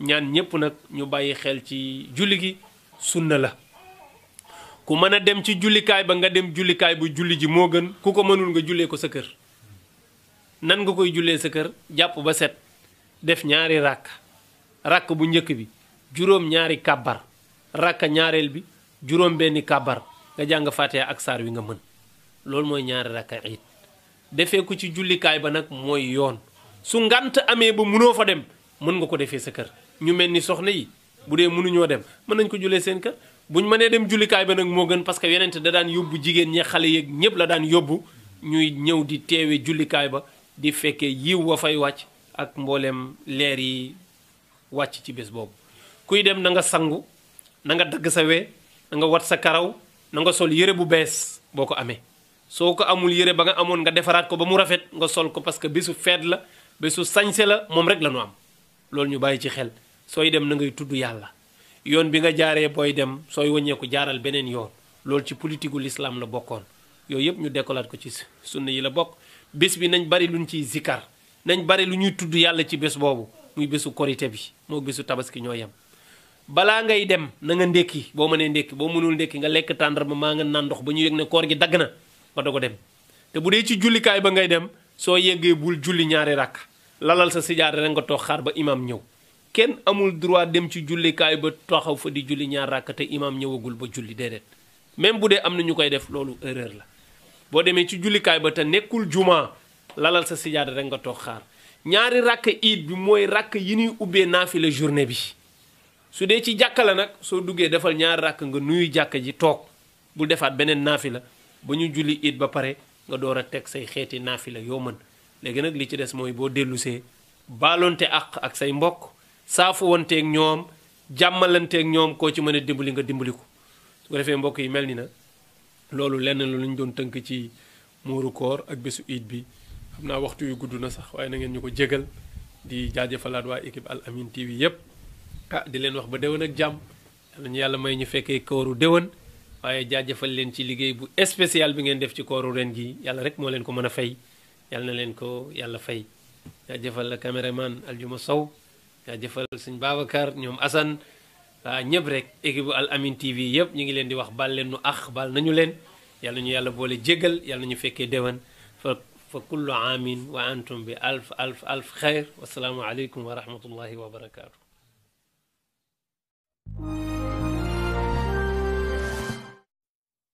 ñaan ñépp nag ñu bàyyi xel ci julli gi sunna la ku mën dem ci jullikaay ba nga dem jullikaay bu julli ji moo gën ku ko mënul nga jullee ko sa kër nan nga koy jullee sa kër jàpp ba set def ñaari rak rak bu njëkk bi juróom ñaari kàbbar ràkk ñaareel bi juróom benni kàbbar nga jàng fatiha ak saar wi nga mën loolu mooy ñaari ràkk it defee ko ci jullikaay ba nag mooy yoon su ngant amee ba munoo fa dem mën nga ko defee sa kër ñu mel ni soxna yi bu dee mënuñoo dem mën nañ ko jullee seen kër buñ mënee dem jullikaay ba nag moo gën parce que yenente da daan yóbbu jigéen ñi xale yeeg ñëpp la daan yóbbu ñuy ñëw di teewe jullikaay ba di fekkee yiw wa fay wàcc ak mbooleem leer yi wàcc ci bés boobu kuy dem na nga sangu na nga dagg sa wee na nga wat sa karaw na nga sol yére bu bees boo ko amee soo ko amul yére ba nga amoon nga defaraat ko ba mu rafet nga sol ko parce que bésu feet la bésu sañse la moom rek la ñu am loolu ñu bàyyi ci xel sooy dem na ngay tudd yàlla yoon bi nga jaaree booy dem sooy waññeeku jaaral beneen yoon loolu ci politique gu lislaam la bokkoon yooyu yëpp ñu dekkalaat ko ci sunna yi la bokk bés bi nañ bari luñ ci zikkar nañ bari lu ñuy tudd yàlla ci bés boobu muy bésu korité bi moo bésu tabaski ñoo yem balaa ngay dem na nga ndékki boo mënee ndékki boo mënul ndékki nga lekk tàndarma maa nga naan ndox ba ñu yëg ne koor gi dagg na nga doog dem te bu dee ci jullikaay ba ngay dem soo yeggee bul julli ñaari rakk lalal sa sijaar rek nga toog xaar ba imam ñëw kenn amul droit dem ci jullikaay ba taxaw fa di julli ñaar ràkk te imaam ñëwagul ba julli déedéet même bu dee am na ñu koy def loolu erreur la boo demee ci jullikaay ba te nekkul juma lalal sa sijaat rek nga toog xaar ñaari ràkk iid bi mooy ràkk yi ñuy ubbee la journée bi su dee ci jàkka la nag soo duggee defal ñaari ràkk nga nuyu jàkk ji toog bul defaat beneen naafi la ba ñu julli iid ba pare nga door a teg say xeeti naafila yoo mën léegi nag li ci des mooy boo dellusee baalonte àq ak say mbokk saafuwanteeg ñoom jàmmalanteeg ñoom koo ci mën a dimbali nga dimbali ko su ko defee mbokk yi mel ni na loolu lenn lu ñu doon tënk ci muuru koor ak bésu iid bi xam naa waxtu yu gudd na sax waaye na ngeen ñu ko jégal di jaajëfalaat waa équipe Al Amine TV yëpp ah di leen wax ba déwén ak jàmm nañu yàlla may ñu fekkee kooru déwén waaye jaajëfal leen ci liggéey bu espécial bi ngeen def ci kooru ren gi yàlla rek moo leen ko mën a fay yàlla na leen ko yàlla fay jaajëfal la caméraman Aljuma Sow jaajëfal sëñ Babacar ñoom Assane ñëpp rek équipe bu Al Amine TV yëpp ñu ngi leen di wax bal leen nu ax bal nañu leen yàlla ñu yàlla boole jégal yàlla ñu fekkee déwén fa fa kullu aamin wa antum bi alf alf alf xayr wasalaamu aleykum wa rahmatullahi wa barakaatu.